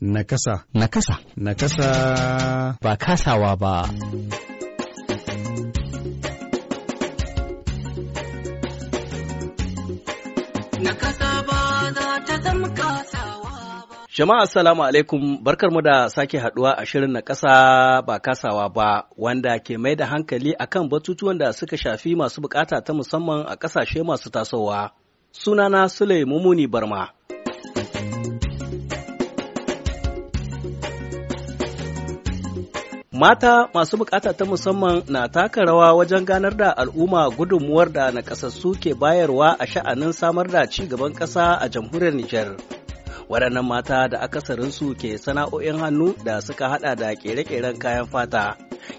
Nakasa. Nakasa. Nakasa. Ba kasawa ba. Nakasa ba za ta zama kasawa ba. Jama'a Salamu alaikum barkarmu da sake haduwa a shirin na ƙasa ba kasawa ba wanda ke mai da hankali akan batutuwan da suka shafi masu bukata ta musamman a ƙasashe masu tasowa. Sunana Sule Mumuni Barma. Mata masu bukata ta musamman na taka rawa wajen ganar da al'umma gudunmuwar da nakasassu ke bayarwa a sha'anin samar da ci gaban ƙasa a jamhuriyar Nijar. Waɗannan mata da akasarin su ke sana'o'in hannu da suka hada da ƙere-ƙeren kayan fata,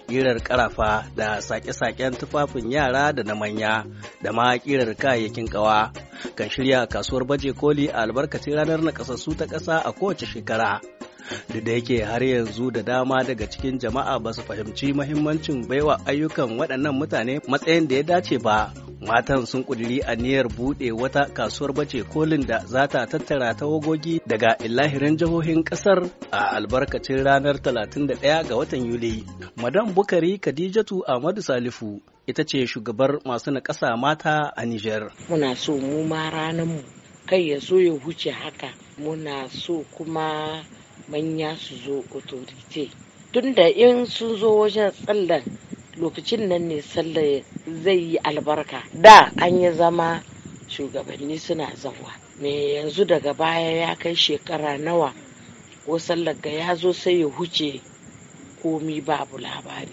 ƙirar ƙarafa da sake-saken tufafin yara da na manya, da ma ƙirar kayayyakin ƙawa. Kan shirya kasuwar baje koli a albarkacin ranar nakasassu ta ƙasa a kowace shekara. duk da yake har yanzu da dama daga cikin jama'a ba su fahimci mahimmancin baiwa ayyukan waɗannan mutane matsayin da ya dace ba matan sun ƙudiri aniyar buɗe wata kasuwar bace kolin da za ta tattara tawagogi daga illahirin jihohin ƙasar a albarkacin ranar 31 ga watan yuli madam bukari khadijatu ahmadu salifu ita ce shugabar masu naƙasa mata a niger muna so mu ma ranar mu kai ya so ya huce haka muna so kuma manya su zo otorite tunda in sun zo wajen tsallan lokacin nan ne sallah zai yi albarka da an yi zama shugabanni suna zawa me yanzu daga baya ya kai shekara nawa ko sallar ga ya zo sai ya huce komi babu labari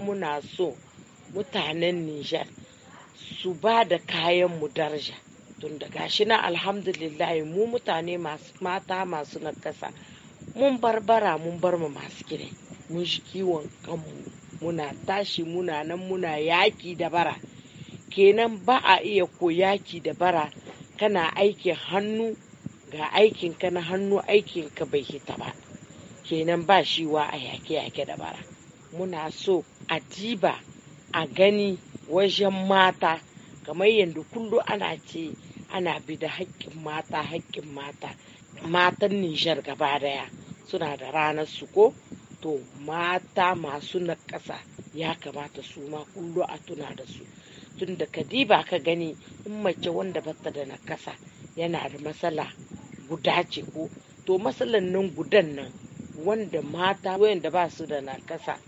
muna so mutanen nijar su ba da kayan mu daraja tun da gashi na alhamdulillah mu mutane mata masu nakasa mun bar bara mun bar mu masu gida mun shi kiwon kanmu muna tashi muna nan muna yaki da bara kenan ba a iya ko yaki da bara kana aikin hannu ga aikinka na hannu aikin ka bai hita ba kenan ba shi wa a yake-yake da bara muna so a diba a gani wajen mata kamar yadda kullu ana ce ana bi da haƙƙin mata haƙƙin mata matan nijar gaba daya suna da ranar su ko to mata masu naƙasa ya kamata su ma kullu a tuna da su tun da kadiba ka gani in mace wanda bata da ƙasa yana da matsala guda ce ko to matsalan nan gudan nan wanda mata wayanda ba su da ƙasa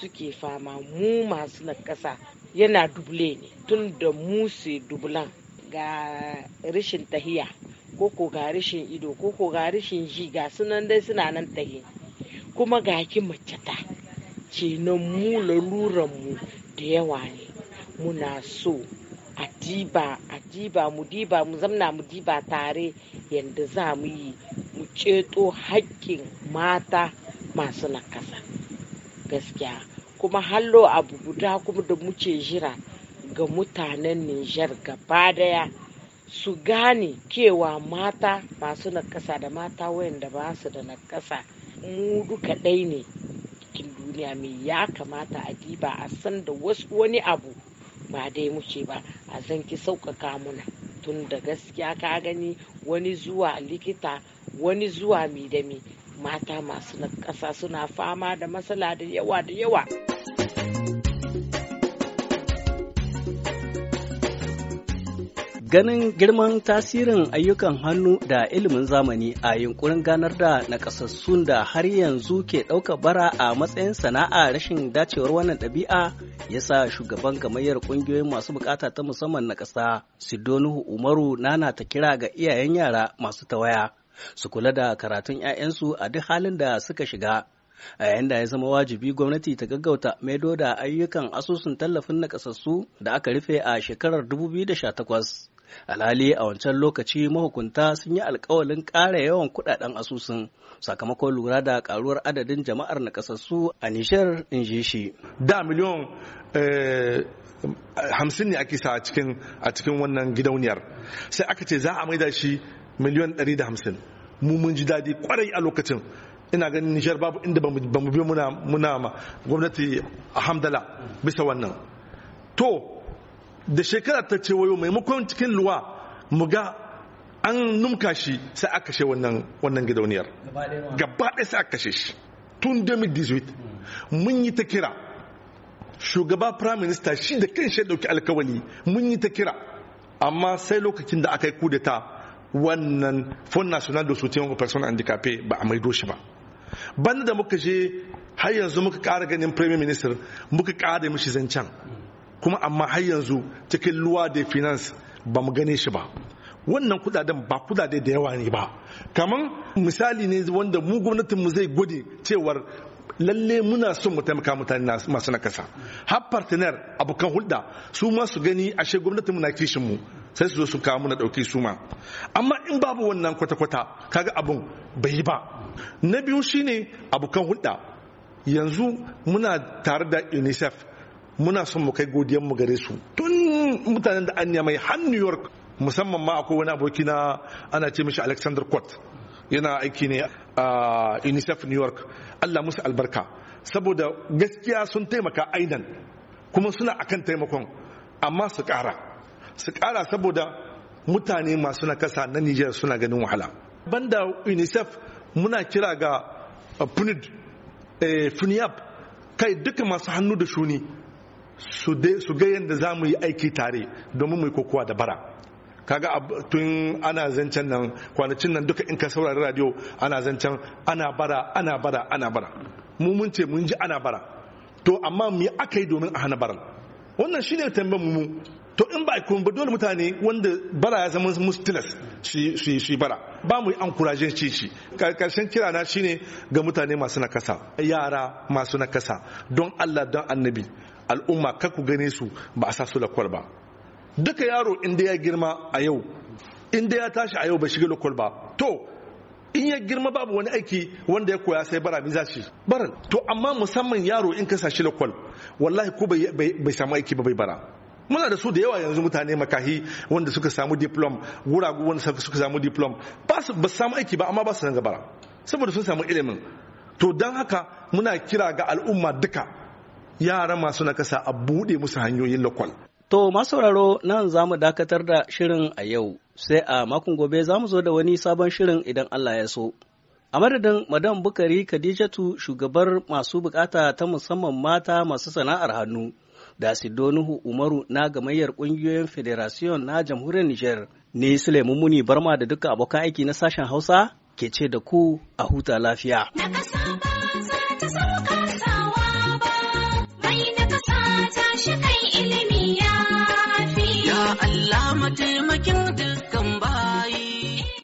suke fama mu masu ƙasa yana duble ne tun da mu dublan ga rashin tahiya ko ko ga rashin ido ko ko ga rashin ji ga sunan dai suna nan tahe kuma ga ki mace ta nan mu laluran mu da yawa ne muna so a diba a diba mu diba mu zamna mu diba tare yanda za mu yi mu ceto haƙƙin mata masu nakasa gaskiya kuma hallo abu guda kuma da muke jira ga mutanen Nijar gaba daya su gane cewa mata masu nakasa da mata wayanda ba su da nakasa mu duka ɗai ne cikin duniya mai ya kamata a diba a san da wasu wani abu ba dai muke ba a zanki sauƙaƙa muna tun da gaskiya ka gani wani zuwa likita wani zuwa mi da mi mata masu nakasa suna fama da matsala da yawa da yawa. ganin girman tasirin ayyukan hannu da ilimin zamani a yunkurin ganar da nakasassun da har yanzu ke ɗaukar bara a matsayin sana'a rashin dacewar wannan ɗabi'a ya sa shugaban gamayyar ƙungiyoyin masu bukata ta musamman na ƙasa sidonuhu umaru nana ta kira ga iyayen yara masu tawaya su kula da karatun 'ya'yansu a duk halin da suka shiga a yayin da ya zama wajibi gwamnati ta gaggauta maido da ayyukan asusun tallafin nakasassu da aka rufe a shekarar 2018 alhali a wancan lokaci mahukunta sun yi alkawalin ƙara yawan kuɗaɗen asusun sakamakon lura da karuwar adadin jama'ar nakasassu a nishar in ji shi da miliyon eh, hamsin ne ake sa a cikin wannan gidauniyar sai aka ce za a maida shi miliyon ɗari da hamsin mu mun ji daɗi kwarai a lokacin ina ganin nishar babu inda ba mu bi muna muna gwamnati alhamdala bisa wannan to da shekara ta ce wayo maimakon cikin luwa mu ga an numka shi sai aka kashe wannan wannan gidauniyar gaba ɗaya sai aka kashe shi tun 2018 mun yi ta kira shugaba prime minister shi da kan shi dauki alkawali mun yi ta kira amma sai lokacin da aka yi kudeta wannan fond national de soutien aux personnes handicapées ba a maido shi ba banda da muka je har yanzu muka ƙara ganin premier minister muka ƙara mishi zancen kuma amma har yanzu cikin luwa da finance ba mu gane shi ba wannan kudaden ba kudade da yawa ne ba kamar misali ne wanda mu gwamnatin mu zai gwade cewar lalle muna son mu taimaka mutane masu nakasa har partner abokan hulɗa su ma su gani ashe gwamnatin muna kishin mu sai su zo su kawo muna ɗauki suma. amma in babu wannan kwata-kwata kaga abun bai yi ba na biyu shine abokan hulɗa yanzu muna tare da unicef muna son mu kai godiyar mu gare su tun mutanen da anya mai han new york musamman ma akwai wani aboki na ana ce mishi alexander court yana aiki ne a unicef new york allah musu albarka saboda gaskiya sun taimaka aidan kuma suna akan taimakon amma su ƙara su kara saboda mutane masu nakasa na nijar suna ganin wahala banda unicef muna kira ga punid eh, kai duka masu hannu da shuni su ga yadda za mu yi aiki tare domin mu yi kokowa da bara kaga tun ana zancen nan kwanacin nan duka in ka saurari radio ana zancen ana bara ana bara ana bara mu mun ce mun ji ana bara to amma mu yi aka yi domin a hana baran wannan shine tambayar mu to in ba kun ba dole mutane wanda bara ya zama mustilas shi shi shi bara ba mu yi ankurajen shi shi karshen kira na shine ga mutane masu nakasa yara masu nakasa don Allah don annabi al'umma kar ku gane su ba a sa su lakwal ba duka yaro inda ya girma a yau inda ya tashi a yau ba shiga lakwal ba to in ya girma babu wani aiki wanda ya koya sai bara za shi baran to amma musamman yaro in ka sashi lakwal wallahi ko bai samu aiki ba bai bara muna da su da yawa yanzu mutane makahi wanda suka samu diplom guragu wanda suka samu diplom ba su ba samu aiki ba amma ba su nan gabara saboda sun samu ilimin to don haka muna kira ga al'umma duka yara masu nakasa a buɗe musu hanyoyin lokal To masauraro nan za mu dakatar da shirin a yau sai a makon gobe za mu zo da wani sabon shirin idan Allah ya so. A madadin Madam Bukari Khadijatu shugabar masu bukata ta musamman mata masu sana'ar hannu da Sidonuhu Umaru na gamayyar ƙungiyoyin Federation na Jamhuriyar Nijar ne Suleiman Muni Barma da duka abokan aiki na sashen Hausa ke ce da ku a huta lafiya. mataimakin